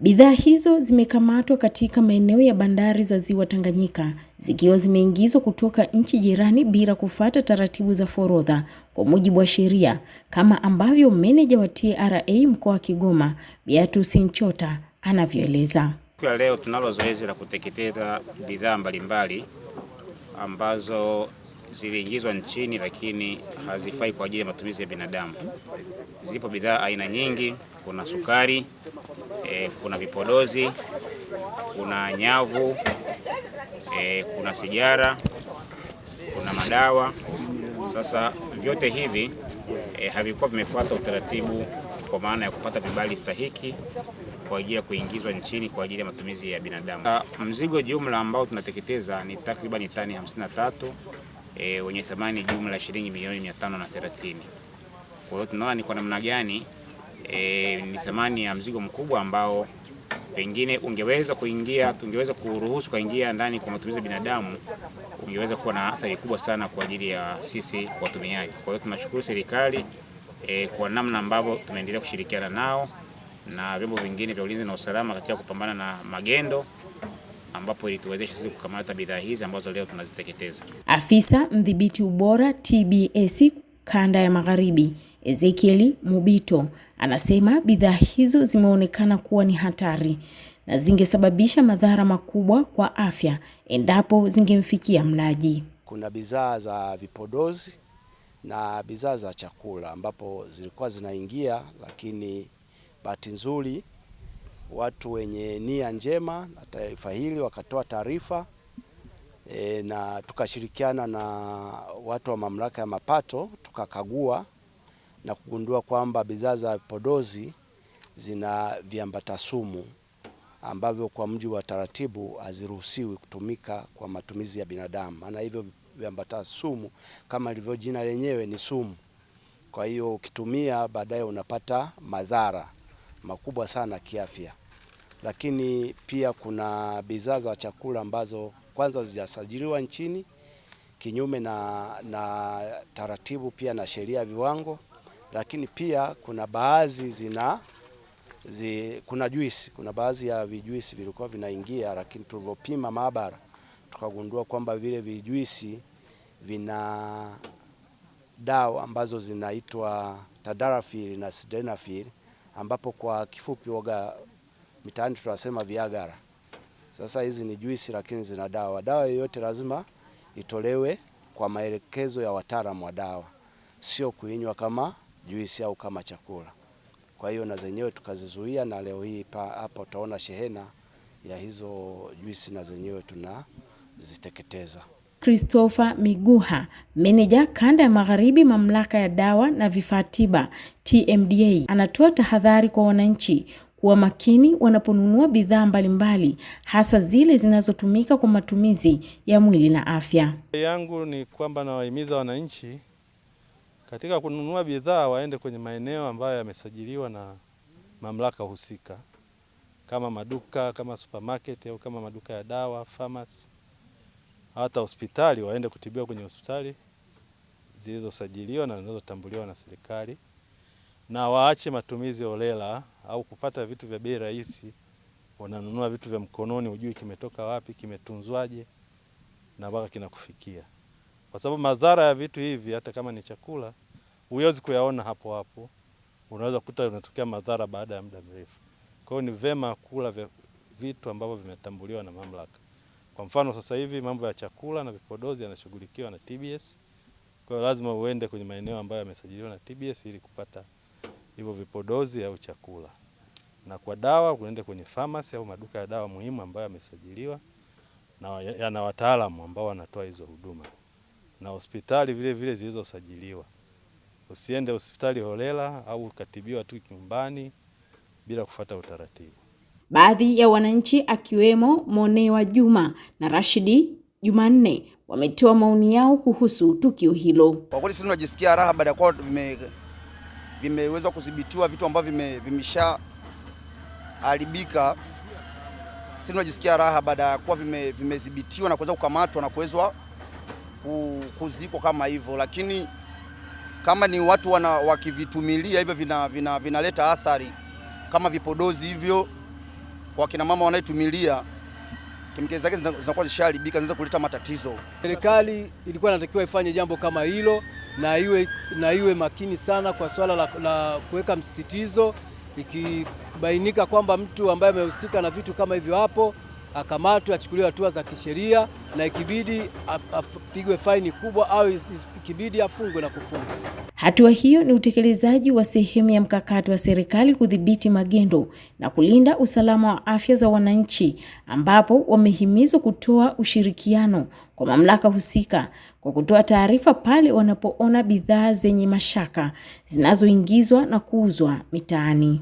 Bidhaa hizo zimekamatwa katika maeneo ya bandari za Ziwa Tanganyika zikiwa zimeingizwa kutoka nchi jirani bila kufata taratibu za forodha kwa mujibu wa sheria, kama ambavyo meneja wa TRA mkoa wa Kigoma Beatus Nchota anavyoeleza. Kwa leo tunalo zoezi la kuteketeza bidhaa mbalimbali ambazo ziliingizwa nchini, lakini hazifai kwa ajili ya matumizi ya binadamu. Zipo bidhaa aina nyingi, kuna sukari e, kuna vipodozi, kuna nyavu e, kuna sigara, kuna madawa. Sasa vyote hivi e, havikuwa vimefuata utaratibu kwa maana ya kupata vibali stahiki kwa ajili ya kuingizwa nchini kwa ajili ya matumizi ya binadamu. Mzigo jumla ambao tunateketeza ni takriban tani 53 e, wenye thamani jumla ya shilingi milioni mia tano na thelathini. Kwa hiyo tunaona ni kwa namna gani e, ni thamani ya mzigo mkubwa ambao pengine ungeweza kuingia, tungeweza kuruhusu kuingia ndani kwa matumizi ya binadamu, ungeweza kuwa na athari kubwa sana kwa ajili ya sisi watumiaji. Kwa hiyo tunashukuru serikali e, kwa namna ambavyo tumeendelea kushirikiana nao na vyombo vingine vya ulinzi na usalama katika kupambana na magendo ambapo ilituwezesha sisi kukamata bidhaa hizi ambazo leo tunaziteketeza. Afisa mdhibiti ubora TBS kanda ya Magharibi, Ezekieli Mubito, anasema bidhaa hizo zimeonekana kuwa ni hatari na zingesababisha madhara makubwa kwa afya endapo zingemfikia mlaji. Kuna bidhaa za vipodozi na bidhaa za chakula ambapo zilikuwa zinaingia, lakini bahati nzuri watu wenye nia njema na taifa hili wakatoa taarifa e, na tukashirikiana na watu wa mamlaka ya mapato tukakagua na kugundua kwamba bidhaa za podozi zina viambata sumu ambavyo kwa mujibu wa taratibu haziruhusiwi kutumika kwa matumizi ya binadamu, maana hivyo viambata sumu kama ilivyo jina lenyewe ni sumu. Kwa hiyo ukitumia baadaye unapata madhara makubwa sana kiafya, lakini pia kuna bidhaa za chakula ambazo kwanza zijasajiliwa nchini kinyume na, na taratibu pia na sheria ya viwango, lakini pia kuna baadhi zina zi, kuna juisi, kuna baadhi ya vijuisi vilikuwa vinaingia, lakini tulivyopima maabara tukagundua kwamba vile vijuisi vina dawa ambazo zinaitwa tadalafil na sildenafil ambapo kwa kifupi waga mitaani tunasema viagara. Sasa hizi ni juisi lakini zina dawa. Dawa yoyote lazima itolewe kwa maelekezo ya wataalamu wa dawa, sio kuinywa kama juisi au kama chakula. Kwa hiyo na zenyewe tukazizuia, na leo hii hapa utaona shehena ya hizo juisi na zenyewe tunaziteketeza. Christopher Miguha, meneja kanda ya Magharibi, mamlaka ya dawa na vifaa tiba TMDA, anatoa tahadhari kwa wananchi kuwa makini wanaponunua bidhaa mbalimbali, hasa zile zinazotumika kwa matumizi ya mwili na afya. yangu ni kwamba nawahimiza wananchi katika kununua bidhaa waende kwenye maeneo ambayo yamesajiliwa na mamlaka husika, kama maduka kama supermarket au kama maduka ya dawa pharmacy hata hospitali waende kutibiwa kwenye hospitali zilizosajiliwa na zinazotambuliwa na serikali, na waache matumizi holela au kupata vitu vya bei rahisi. Wananunua vitu vya mkononi, hujui kimetoka wapi, kimetunzwaje na mpaka kinakufikia, kwa sababu madhara ya vitu hivi, hata kama ni chakula, huwezi kuyaona hapo hapo, unaweza kukuta unatokea madhara baada ya muda mrefu. Kwa hiyo ni vema kula vitu ambavyo vimetambuliwa na mamlaka. Kwa mfano sasa hivi mambo ya chakula na vipodozi yanashughulikiwa na TBS. Kwa hiyo lazima uende kwenye maeneo ambayo yamesajiliwa na TBS ili kupata hivyo vipodozi au chakula. Na kwa dawa unaenda kwenye pharmacy au maduka ya dawa muhimu ambayo yamesajiliwa na yana wataalamu ambao wanatoa hizo huduma. Na hospitali vile vile zilizosajiliwa. Usiende hospitali holela au ukatibiwa tu nyumbani bila kufata utaratibu. Baadhi ya wananchi akiwemo Monewa Juma na Rashidi Jumanne wametoa maoni yao kuhusu tukio hilo. Kwa kweli sisi tunajisikia raha baada ya kuwa vime vimeweza kudhibitiwa vitu ambavyo vime, haribika. Sisi tunajisikia raha baada ya kuwa vimedhibitiwa na kuweza kukamatwa na kuwezwa kuzikwa kama hivyo, lakini kama ni watu wakivitumilia hivyo vinaleta vina, vina athari kama vipodozi hivyo kwa kina mama wanaitumilia kemikali zake zinakuwa zishaharibika, zinaweza kuleta matatizo. Serikali ilikuwa inatakiwa ifanye jambo kama hilo na iwe, na iwe makini sana kwa swala la, la kuweka msisitizo, ikibainika kwamba mtu ambaye amehusika na vitu kama hivyo hapo akamatwe, achukuliwe hatua za kisheria, na ikibidi apigwe faini kubwa au ikibidi afungwe na kufungwa. Hatua hiyo ni utekelezaji wa sehemu ya mkakati wa serikali kudhibiti magendo na kulinda usalama wa afya za wananchi, ambapo wamehimizwa kutoa ushirikiano kwa mamlaka husika kwa kutoa taarifa pale wanapoona bidhaa zenye mashaka zinazoingizwa na kuuzwa mitaani.